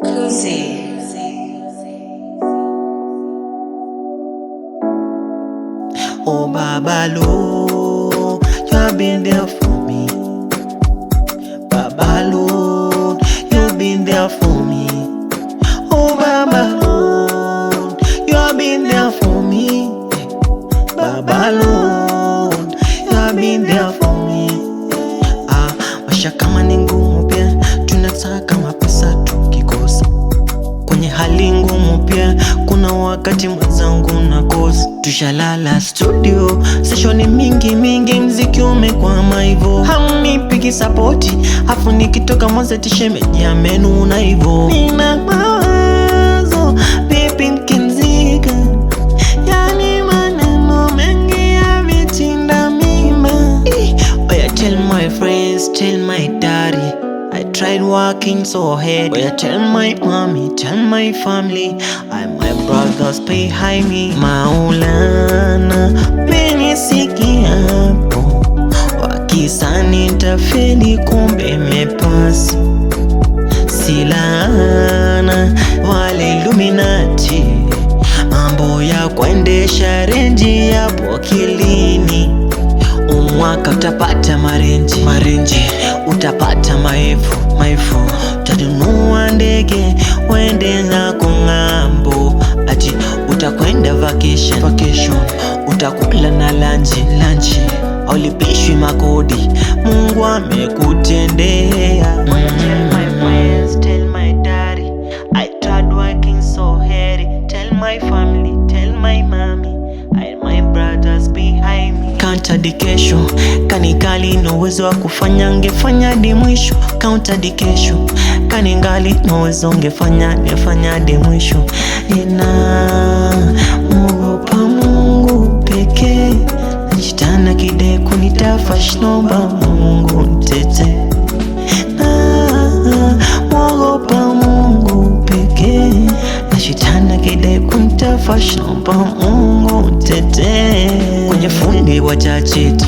Cozy. Oh, Babalo, you have been there for me. Baba Babalo, you have been there for me. Oh, Baba Babalo, you have been there for me. Baba Babalo, you have been there for me. Ah, Masha, come wakati mwenzangu na kosi tushalala studio, seshoni mingi mingi, mziki umekwama hivo, hamnipigi sapoti, afu nikitoka Mwanza tishemeji amenuna hivo, nina mawazo pipi mkinzika, yani maneno mengi ya vitinda mima. Oya, tell my friends, tell my daddy tried working so hard. But I tell my mommy, tell my family, I my brothers pay high me. Maulana, mimi siki hapo wakisani tafeli, kumbe mepasi silana wale Illuminati, mambo ya kuendesha renji ya kilini mwaka utapata marenji, marenji, utapata maifu, maifu utanunua ndege uende na ng'ambo, ati utakwenda vacation, vacation, utakula na lanji, lanji, haulipishwi makodi, Mungu amekutendea count hadi kesho, kanikali na uwezo wa kufanya ngefanya hadi mwisho, count hadi kesho, kaningali na uwezo ngefanya ngefanya hadi mwisho. Ninamuogopa Mungu pekee, najitana kideko nitafa Mungu Mashitana kidai kumtafasha, omba Mungu tete Kwenye fundi wa wajachit,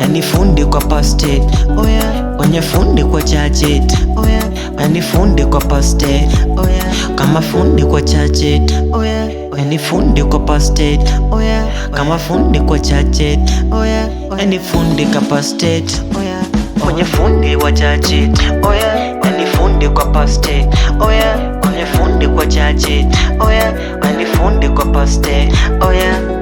yani fundi kwa paste, kwenye fundi kwa chachit, yani fundi kwa paste, kama fundi kwa chachit, yani fundi kwa paste, kama fundi kwa chachit, yani fundi kwa paste, kwenye fundi wa wajachit, yani fundi kwa paste, oh yeah magic. Oh yeah, when the phone Oh yeah.